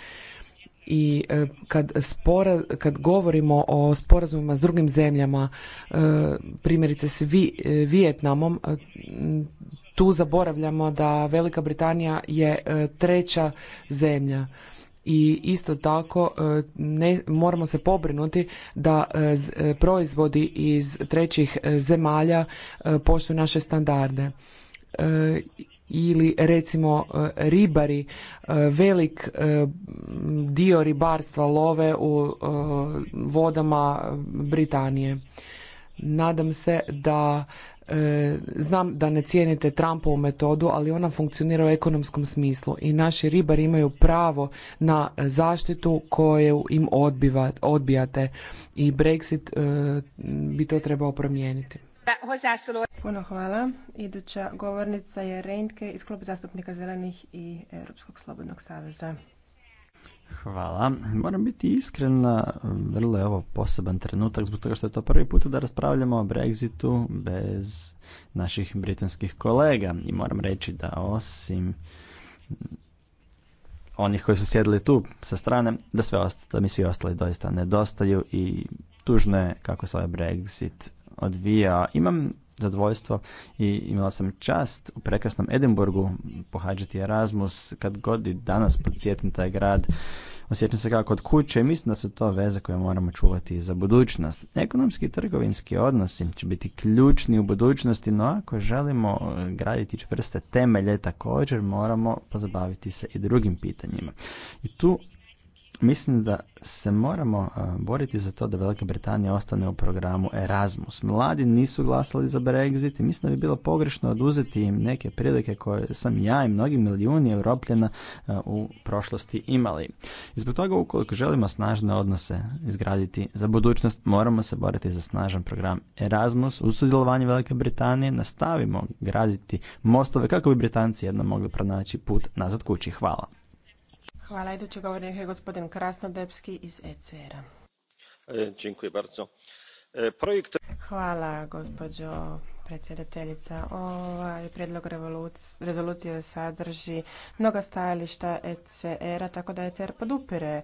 i e, kad, kad govorimo o sporazumima s drugim zemljama, e, primjerice s e, Vijetnamom, tu zaboravljamo da Velika Britanija je treća zemlja i isto tako ne, moramo se pobrinuti da proizvodi iz trećih zemalja poštuju naše standarde ili recimo e, ribari e, velik e, dio ribarstva love u vodama Britanije. Nadam se da znam da ne cijenite Trumpovu metodu, ali ona funkcionira u ekonomskom smislu i naši ribari imaju pravo na zaštitu koju im odbijate i Brexit bi to trebao promijeniti. Puno hvala. Iduća govornica je Reintke iz Kluba zastupnika Zelenih i Europskog slobodnog saveza. Hvala. Moram biti iskrena, vrlo je ovo poseban trenutak zbog toga što je to prvi put da raspravljamo o Brexitu bez naših britanskih kolega. I moram reći da osim onih koji su sjedili tu sa strane, da, sve osta, da mi svi ostali doista nedostaju i tužno je kako se ovaj Brexit odvija. Imam zadovoljstvo i imala sam čast u prekrasnom Edinburgu pohađati Erasmus kad god i danas podsjetim taj grad. Osjećam se kako kod kuće i mislim da su to veze koje moramo čuvati za budućnost. Ekonomski i trgovinski odnosi će biti ključni u budućnosti, no ako želimo e, graditi čvrste temelje, također moramo pozabaviti se i drugim pitanjima. I tu Mislim da se moramo boriti za to da Velika Britanija ostane u programu Erasmus. Mladi nisu glasali za Brexit i mislim da bi bilo pogrešno oduzeti im neke prilike koje sam ja i mnogi milijuni evropljena u prošlosti imali. I zbog toga ukoliko želimo snažne odnose izgraditi za budućnost, moramo se boriti za snažan program Erasmus. U sudjelovanju Velike Britanije nastavimo graditi mostove kako bi Britanci jedno mogli pronaći put nazad kući. Hvala. Hvala. Idući govornik je gospodin Krasnodebski iz ecr e, bardzo. E, projekt... Hvala, gospođo predsjedateljica. Ovaj predlog rezolucije sadrži mnoga stajališta ecr tako da ECR podupire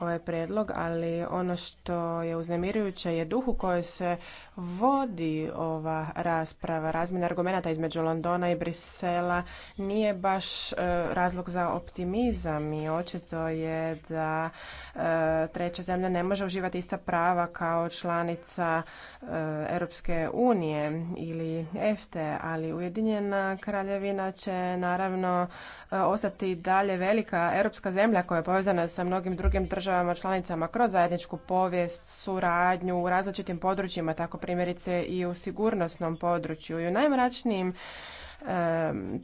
ovaj prijedlog, ali ono što je uznemirujuće je duh u kojoj se vodi ova rasprava. Razmjena argumenata između Londona i Brisela nije baš e, razlog za optimizam i očito je da e, treća zemlja ne može uživati ista prava kao članica e, Europske unije ili EFTE, ali Ujedinjena kraljevina će naravno ostati dalje velika europska zemlja koja je povezana sa mnogim drugim državama državama članicama kroz zajedničku povijest, suradnju u različitim područjima, tako primjerice i u sigurnosnom području i u najmračnijim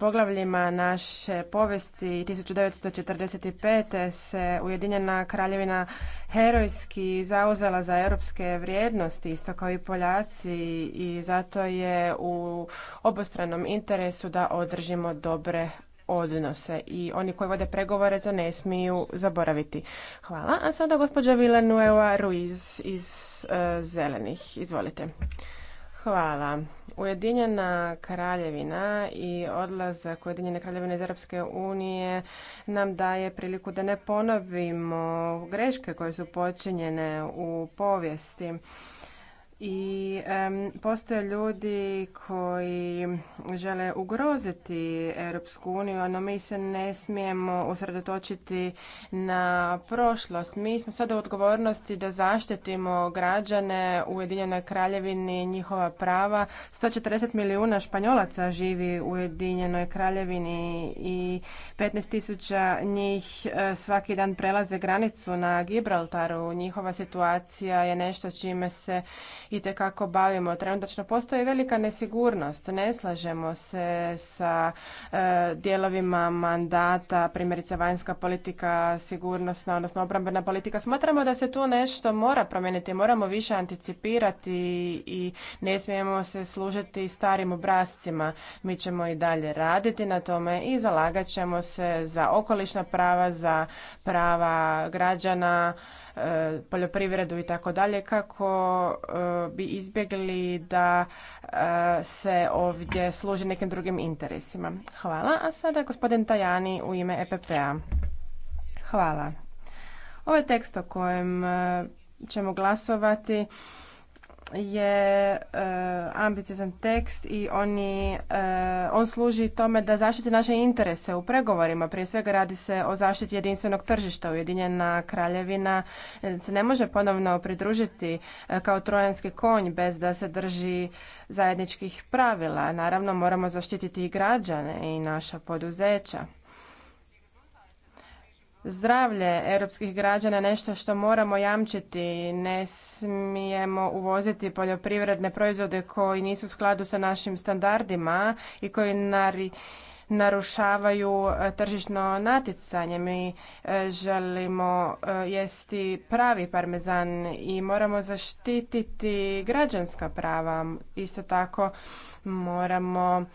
poglavljima naše povesti 1945. se Ujedinjena kraljevina herojski zauzela za europske vrijednosti, isto kao i Poljaci i zato je u obostranom interesu da održimo dobre odnose i oni koji vode pregovore to ne smiju zaboraviti. Hvala. A sada gospođa Villanueva Ruiz iz e, Zelenih. Izvolite. Hvala. Ujedinjena kraljevina i odlazak Ujedinjene kraljevine iz Europske unije nam daje priliku da ne ponovimo greške koje su počinjene u povijesti i postoje ljudi koji žele ugroziti Europsku uniju, no mi se ne smijemo usredotočiti na prošlost. Mi smo sada u odgovornosti da zaštitimo građane u Ujedinjenoj kraljevini njihova prava. 140 milijuna španjolaca živi u Ujedinjenoj kraljevini i 15 tisuća njih e, svaki dan prelaze granicu na Gibraltaru. Njihova situacija je nešto čime se i kako bavimo. Trenutačno postoji velika nesigurnost. Ne slažemo se sa e, dijelovima mandata, primjerice vanjska politika, sigurnosna, odnosno obrambena politika. Smatramo da se tu nešto mora promijeniti. Moramo više anticipirati i ne smijemo se služiti starim obrazcima. Mi ćemo i dalje raditi na tome i zalagat ćemo se za okolišna prava, za prava građana, E, poljoprivredu i tako dalje kako e, bi izbjegli da e, se ovdje služi nekim drugim interesima. Hvala. A sada gospodin Tajani u ime EPP-a. Hvala. Ovaj tekst o kojem ćemo glasovati je e, ambiciozan tekst i oni, e, on služi tome da zaštiti naše interese u pregovorima. Prije svega radi se o zaštiti jedinstvenog tržišta. Ujedinjena kraljevina e, se ne može ponovno pridružiti kao trojanski konj bez da se drži zajedničkih pravila. Naravno moramo zaštititi i građane i naša poduzeća zdravlje europskih građana nešto što moramo jamčiti. Ne smijemo uvoziti poljoprivredne proizvode koji nisu u skladu sa našim standardima i koji nari, narušavaju e, tržišno natjecanje. Mi e, želimo e, jesti pravi parmezan i moramo zaštititi građanska prava. Isto tako moramo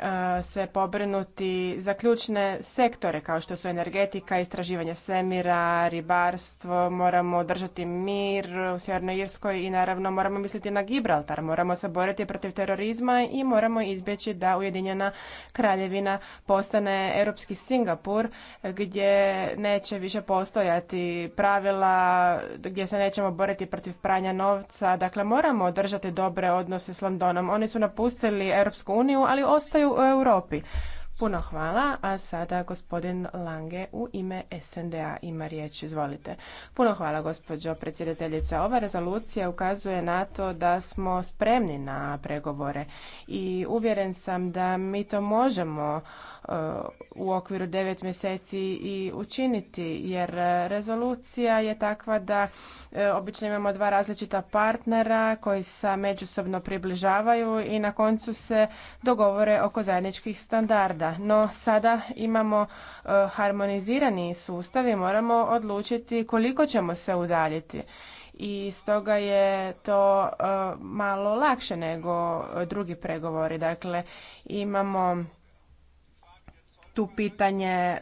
E, se pobrinuti za ključne sektore kao što su energetika, istraživanje semira, ribarstvo, moramo držati mir u Sjevernoj Irskoj i naravno moramo misliti na Gibraltar, moramo se boriti protiv terorizma i moramo izbjeći da Ujedinjena kraljevina postane europski Singapur gdje neće više postojati pravila, gdje se nećemo boriti protiv pranja novca. Dakle, moramo držati dobre odnose s Londonom. Oni su napustili Europsku uniju, ali ostaju u Europi. Puno hvala, a sada gospodin Lange u ime SNDA ima riječ, izvolite. Puno hvala gospođo predsjedateljica. Ova rezolucija ukazuje na to da smo spremni na pregovore i uvjeren sam da mi to možemo u okviru devet mjeseci i učiniti jer e, rezolucija je takva da e, obično imamo dva različita partnera koji se međusobno približavaju i na koncu se dogovore oko zajedničkih standarda. No sada imamo e, harmonizirani sustav i moramo odlučiti koliko ćemo se udaljiti i stoga je to malo lakše nego drugi pregovori. Dakle, imamo tu pitanje e,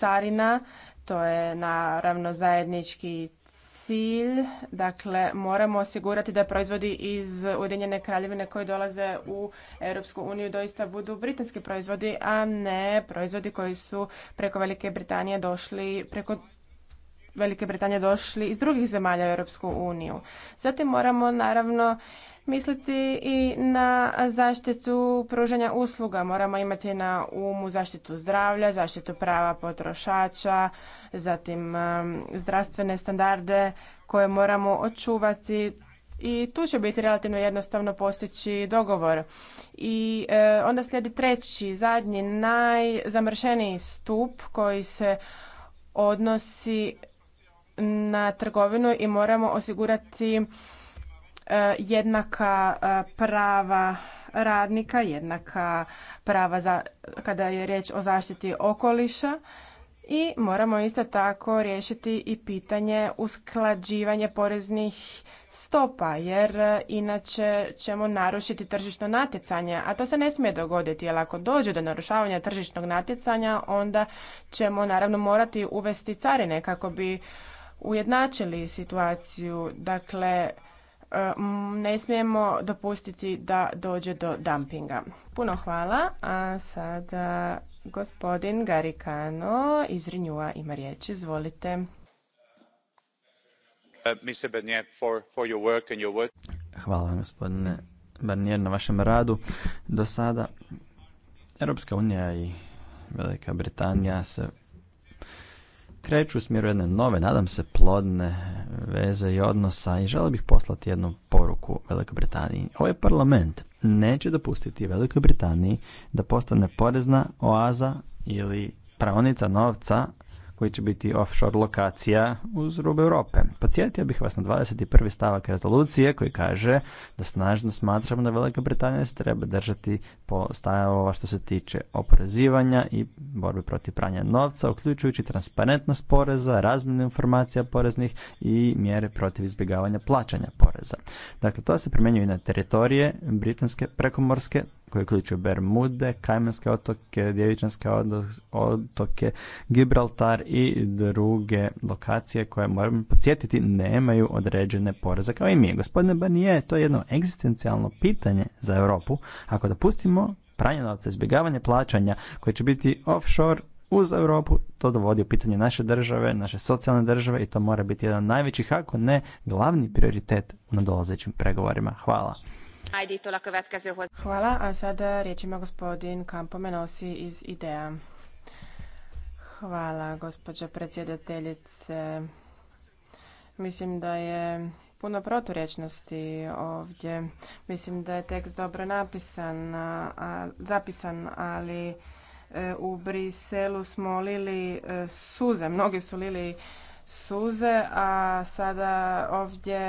carina, to je naravno zajednički cilj. Dakle, moramo osigurati da proizvodi iz Ujedinjene kraljevine koji dolaze u Europsku uniju doista budu britanski proizvodi, a ne proizvodi koji su preko Velike Britanije došli preko Velike Britanije došli iz drugih zemalja u Europsku uniju. Zatim moramo naravno misliti i na zaštitu pružanja usluga. Moramo imati na umu zaštitu zdravlja, zaštitu prava potrošača, zatim um, zdravstvene standarde koje moramo očuvati i tu će biti relativno jednostavno postići dogovor. I e, onda slijedi treći, zadnji, najzamršeniji stup koji se odnosi na trgovinu i moramo osigurati jednaka e, prava radnika, jednaka prava za, kada je riječ o zaštiti okoliša i moramo isto tako riješiti i pitanje usklađivanja poreznih stopa jer e, inače ćemo narušiti tržišno natjecanje, a to se ne smije dogoditi jer ako dođe do narušavanja tržišnog natjecanja onda ćemo naravno morati uvesti carine kako bi ujednačili situaciju. Dakle, ne smijemo dopustiti da dođe do dumpinga. Puno hvala, a sada gospodin Garikano iz Renewa ima riječ, izvolite. Uh, hvala vam gospodine Barnier na vašem radu. Do sada Europska unija i Velika Britanija se kreću u smjeru jedne nove, nadam se, plodne veze i odnosa i želio bih poslati jednu poruku Velikoj Britaniji. Ovaj parlament neće dopustiti Velikoj Britaniji da postane porezna oaza ili pravonica novca koji će biti offshore lokacija uz rub Europe. Podsjetio bih vas na 21. stavak rezolucije koji kaže da snažno smatramo da Velika Britanija se treba držati po stavova što se tiče oporezivanja i borbe protiv pranja novca, uključujući transparentnost poreza, razmjene informacija poreznih i mjere protiv izbjegavanja plaćanja poreza. Dakle, to se primjenjuje na teritorije britanske prekomorske koji uključuje Bermude, Kajmanske otoke, Djevičanske otoke, Gibraltar i druge lokacije koje moramo podsjetiti nemaju određene poreze kao i mi. Gospodine Barnije, to je jedno egzistencijalno pitanje za Europu. Ako dopustimo pranje novca, izbjegavanje plaćanja koje će biti offshore uz Europu, to dovodi u pitanje naše države, naše socijalne države i to mora biti jedan najvećih, ako ne, glavni prioritet u nadolazećim pregovorima. Hvala. Hvala, a sada eh, riječ gospodin Kampo Menosi iz IDEA. Hvala, gospođo predsjedateljice. Mislim da je puno proturječnosti ovdje. Mislim da je tekst dobro napisan, a, zapisan, ali e, u Briselu smo lili eh, suze. Mnogi su lili suze, a sada ovdje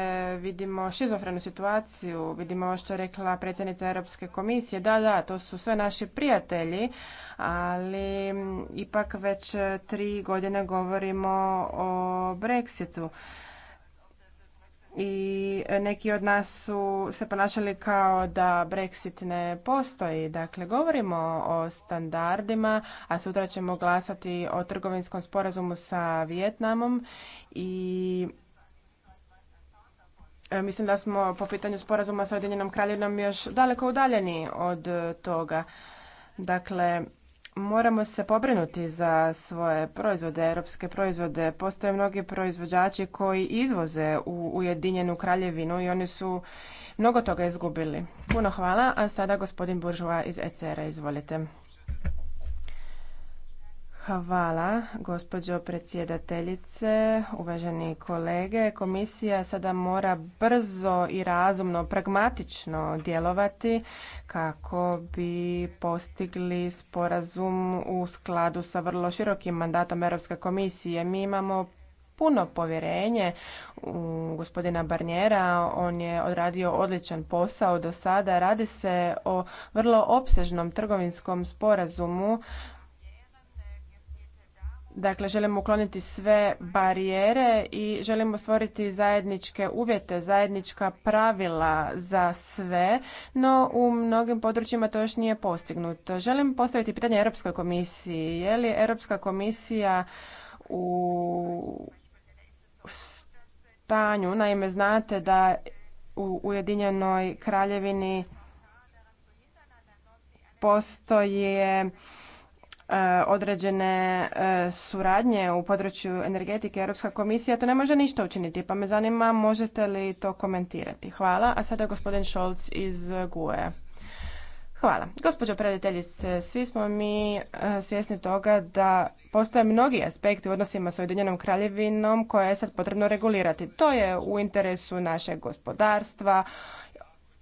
vidimo šizofrenu situaciju. Vidimo što je rekla predsjednica Europske komisije. Da, da, to su sve naši prijatelji, ali ipak već tri godine govorimo o Brexitu i neki od nas su se ponašali kao da Brexit ne postoji. Dakle, govorimo o standardima, a sutra ćemo glasati o trgovinskom sporazumu sa Vijetnamom i e, mislim da smo po pitanju sporazuma sa Ujedinjenom kraljevnom još daleko udaljeni od toga. Dakle, moramo se pobrinuti za svoje proizvode, europske proizvode. Postoje mnogi proizvođači koji izvoze u Ujedinjenu kraljevinu i oni su mnogo toga izgubili. Puno hvala, a sada gospodin Buržova iz ECR-a, izvolite. Hvala, gospođo predsjedateljice, uvaženi kolege. Komisija sada mora brzo i razumno, pragmatično djelovati kako bi postigli sporazum u skladu sa vrlo širokim mandatom Europske komisije. Mi imamo puno povjerenje u gospodina Barnjera. On je odradio odličan posao do sada. Radi se o vrlo opsežnom trgovinskom sporazumu Dakle, želimo ukloniti sve barijere i želimo stvoriti zajedničke uvjete, zajednička pravila za sve, no u mnogim područjima to još nije postignuto. Želim postaviti pitanje Europskoj komisiji. Je li Europska komisija u stanju, naime znate da u Ujedinjenoj kraljevini postoje E, određene e, suradnje u području energetike Europska komisija to ne može ništa učiniti, pa me zanima možete li to komentirati. Hvala. A sada gospodin Šolc iz GUE. Hvala. Gospođo prediteljice, svi smo mi e, svjesni toga da postoje mnogi aspekti u odnosima sa Ujedinjenom kraljevinom koje je sad potrebno regulirati. To je u interesu našeg gospodarstva,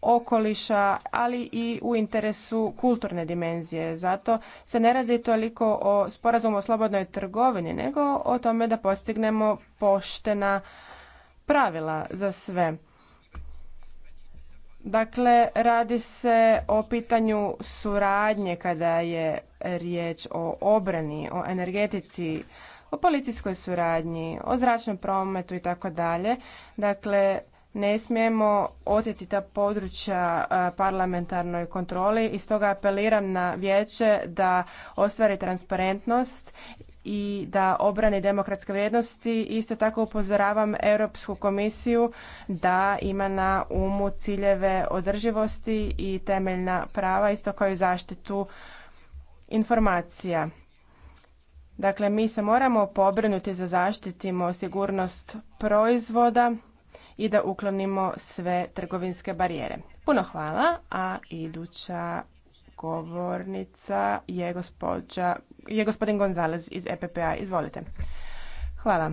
okoliša, ali i u interesu kulturne dimenzije. Zato se ne radi toliko o sporazumu o slobodnoj trgovini, nego o tome da postignemo poštena pravila za sve. Dakle, radi se o pitanju suradnje kada je riječ o obrani, o energetici, o policijskoj suradnji, o zračnom prometu i tako dalje. Dakle, ne smijemo oteti ta područja parlamentarnoj kontroli i stoga apeliram na vijeće da ostvari transparentnost i da obrani demokratske vrijednosti. Isto tako upozoravam Europsku komisiju da ima na umu ciljeve održivosti i temeljna prava, isto kao i zaštitu informacija. Dakle, mi se moramo pobrinuti za zaštitimo sigurnost proizvoda i da uklonimo sve trgovinske barijere. Puno hvala, a iduća govornica je, gospođa, je gospodin Gonzalez iz EPPA. Izvolite. Hvala.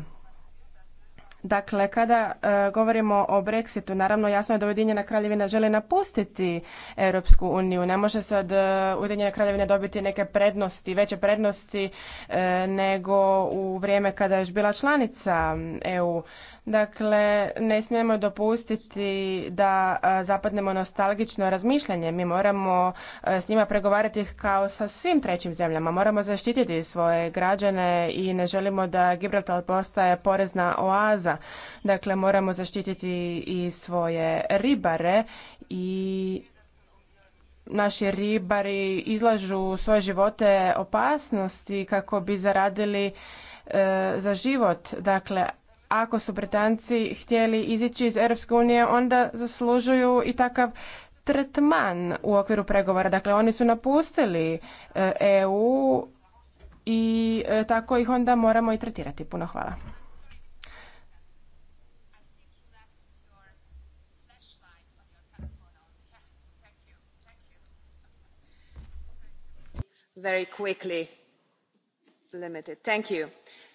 Dakle, kada e, govorimo o Brexitu, naravno jasno je da Ujedinjena kraljevina želi napustiti Europsku uniju. Ne može sad e, Ujedinjena kraljevina dobiti neke prednosti, veće prednosti e, nego u vrijeme kada je još bila članica EU. Dakle, ne smijemo dopustiti da zapadnemo nostalgično razmišljanje. Mi moramo s njima pregovarati kao sa svim trećim zemljama. Moramo zaštititi svoje građane i ne želimo da Gibraltar postaje porezna oaza. Dakle, moramo zaštititi i svoje ribare i naši ribari izlažu svoje živote opasnosti kako bi zaradili e, za život. Dakle, ako su Britanci htjeli izići iz Europske unije, onda zaslužuju i takav tretman u okviru pregovora. Dakle, oni su napustili EU eh, e i eh, tako ih onda moramo i tretirati. Puno hvala. Very quickly limited. Thank you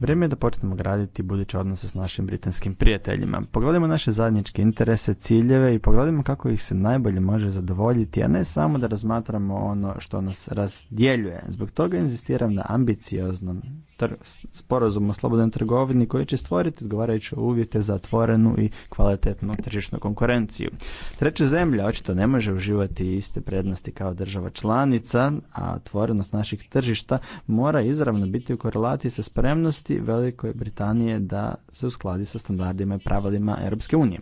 Vrijeme je da počnemo graditi buduće odnose s našim britanskim prijateljima. Pogledajmo naše zajedničke interese, ciljeve i pogledajmo kako ih se najbolje može zadovoljiti, a ne samo da razmatramo ono što nas razdjeljuje. Zbog toga inzistiram na ambicioznom sporazum o slobodnoj trgovini koji će stvoriti odgovarajuće uvjete za otvorenu i kvalitetnu tržišnu konkurenciju. Treća zemlja očito ne može uživati iste prednosti kao država članica, a otvorenost naših tržišta mora izravno biti u korelaciji sa spremnosti Velikoj Britanije da se uskladi sa standardima i pravilima Europske unije.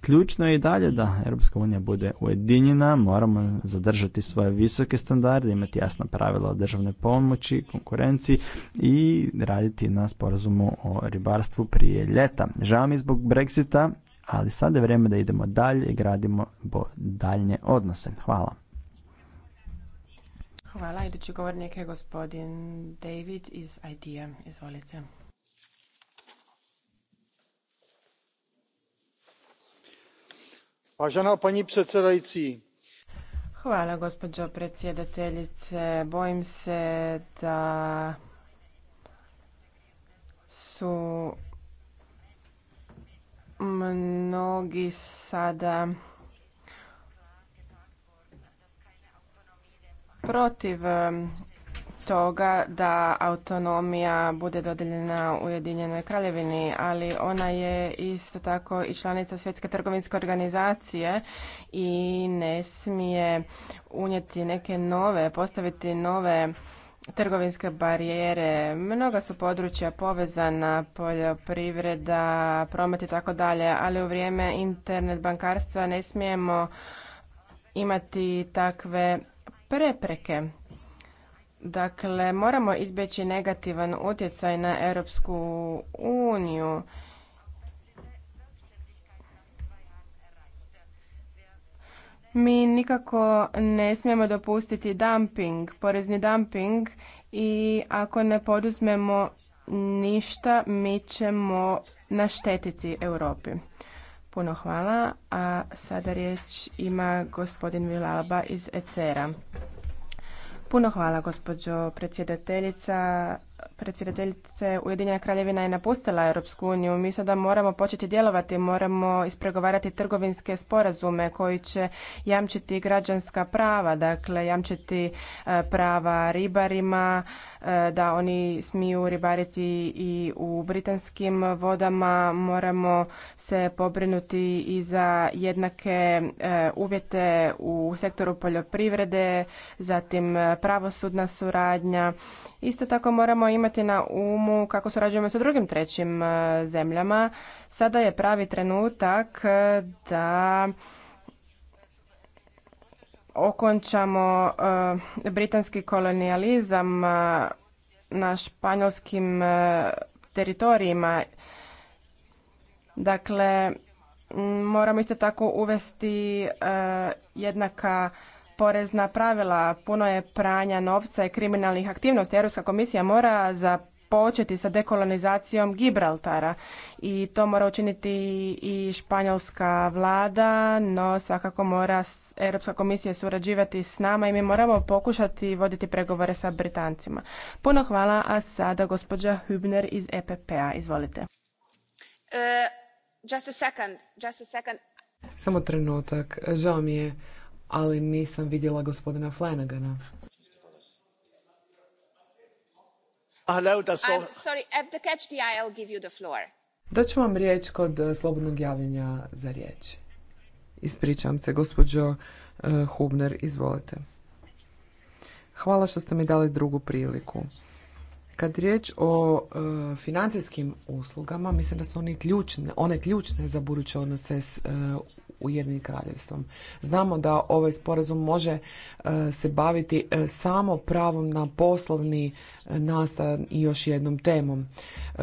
Ključno je i dalje da Europska unija bude ujedinjena, moramo zadržati svoje visoke standarde, imati jasna pravila o državnoj pomoći, konkurenciji i raditi na sporazumu o ribarstvu prije ljeta. Žao mi zbog Brexita, ali sad je vrijeme da idemo dalje i gradimo daljnje odnose. Hvala. Hvala. Idući govornik je gospodin David iz IDEA. Izvolite. pani predsjedajci, Hvala gospođo predsjedateljice. Bojim se da su mnogi sada protiv um, toga da autonomija bude dodeljena Ujedinjenoj kraljevini, ali ona je isto tako i članica Svjetske trgovinske organizacije i ne smije unijeti neke nove, postaviti nove trgovinske barijere, mnoga su područja povezana, poljoprivreda, promet i tako dalje, ali u vrijeme internet bankarstva ne smijemo imati takve prepreke. Dakle, moramo izbjeći negativan utjecaj na Europsku uniju Mi nikako ne smijemo dopustiti dumping, porezni dumping i ako ne poduzmemo ništa mi ćemo naštetiti Europi. Puno hvala, a sada riječ ima gospodin Vilalba iz ECR-a. Puno hvala gospođo predsjedateljica, predsjedateljice Ujedinjena kraljevina je napustila Europsku uniju. Mi sada moramo početi djelovati, moramo ispregovarati trgovinske sporazume koji će jamčiti građanska prava, dakle jamčiti e, prava ribarima, e, da oni smiju ribariti i u britanskim vodama. Moramo se pobrinuti i za jednake e, uvjete u sektoru poljoprivrede, zatim pravosudna suradnja Isto tako moramo imati na umu kako surađujemo sa drugim trećim e, zemljama. Sada je pravi trenutak e, da okončamo e, britanski kolonijalizam na španjolskim teritorijima. Dakle, moramo isto tako uvesti jednaka porezna pravila, puno je pranja novca i kriminalnih aktivnosti. Europska komisija mora započeti sa dekolonizacijom Gibraltara i to mora učiniti i španjolska vlada, no svakako mora Europska komisija surađivati s nama i mi moramo pokušati voditi pregovore sa Britancima. Puno hvala, a sada gospođa Hübner iz EPP-a. Izvolite. Uh, just a second. Samo trenutak, žao mi je ali nisam vidjela gospodina Flanagana. Ah, da vam riječ kod eh, slobodnog javljanja za riječ. Ispričam se, gospođo eh, Hubner, izvolite. Hvala što ste mi dali drugu priliku. Kad riječ o eh, financijskim uslugama, mislim da su oni ključne, one ključne za buduće odnose s Ujedinim kraljevstvom. Znamo da ovaj sporazum može e, se baviti e, samo pravom na poslovni e, nastan i još jednom temom.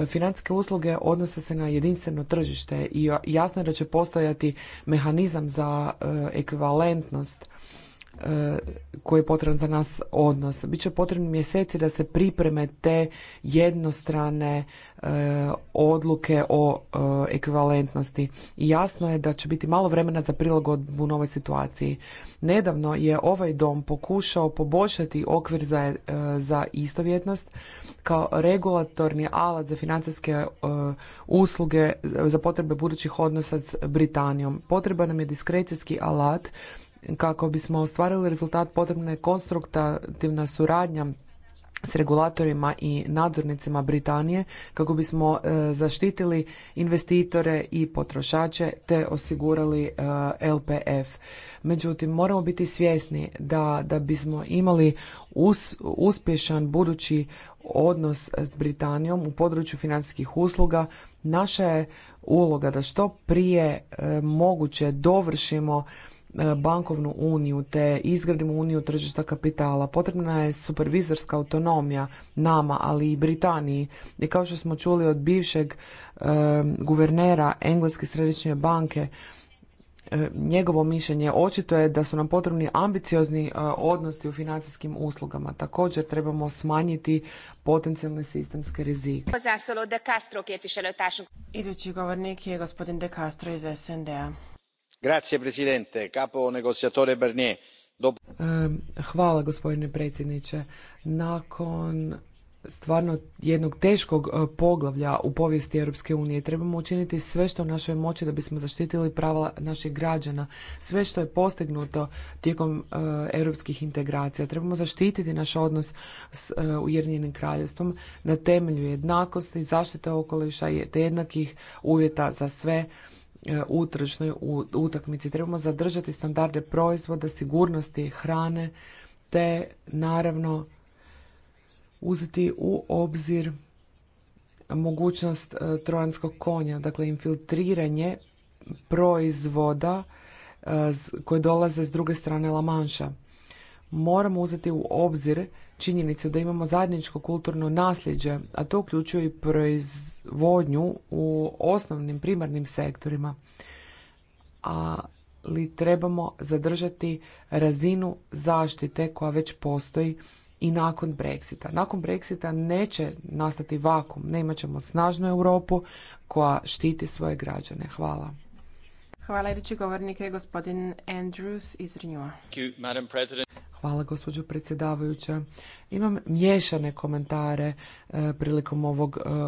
Financijske usluge odnose se na jedinstveno tržište i jasno je da će postojati mehanizam za ekvivalentnost koji je potreban za nas odnos. Biće potrebni mjeseci da se pripreme te jednostrane e, odluke o e, ekvivalentnosti. I jasno je da će biti malo vremena za prilagodbu novoj situaciji. Nedavno je ovaj dom pokušao poboljšati okvir za, e, za istovjetnost kao regulatorni alat za financijske usluge za potrebe budućih odnosa s Britanijom. Potreban nam je diskrecijski alat kako bismo ostvarili rezultat potrebna je konstruktivna suradnja s regulatorima i nadzornicima Britanije kako bismo e, zaštitili investitore i potrošače te osigurali e, LPF. Međutim, moramo biti svjesni da, da bismo imali uspješan budući odnos s Britanijom u području financijskih usluga, naša je uloga da što prije e, moguće dovršimo E, bankovnu uniju te izgradimo uniju tržišta kapitala. Potrebna je supervizorska autonomija nama, ali i Britaniji. I kao što smo čuli od bivšeg e, guvernera Engleske središnje banke, e, njegovo mišljenje očito je da su nam potrebni ambiciozni odnosi u financijskim uslugama. Također trebamo smanjiti potencijalne sistemske rizike. Idući govornik je gospodin De Castro iz SND-a. Grazie, presidente. Hvala, gospodine predsjedniče. Nakon stvarno jednog teškog e, poglavlja u povijesti Europske unije. Trebamo učiniti sve što u našoj moći da bismo zaštitili prava naših građana. Sve što je postignuto tijekom e, europskih integracija. Trebamo zaštititi naš odnos s e, Ujedinjenim kraljevstvom na temelju jednakosti, zaštite okoliša te jednakih uvjeta za sve E, utrčnoj utakmici. Trebamo zadržati standarde proizvoda, sigurnosti hrane, te naravno uzeti u obzir mogućnost e, trojanskog konja, dakle infiltriranje proizvoda e, koje dolaze s druge strane Lamanša. Moramo uzeti u obzir činjenicu da imamo zajedničko kulturno nasljeđe, a to uključuje i proizvodnju u osnovnim primarnim sektorima. Ali trebamo zadržati razinu zaštite koja već postoji i nakon Brexita. Nakon Brexita neće nastati vakum, ne imat ćemo snažnu Europu koja štiti svoje građane. Hvala. Hvala idući govornik gospodin Andrews iz Renewa. Hvala gospođo predsjedavajuća. Imam miješane komentare e, prilikom ovog e,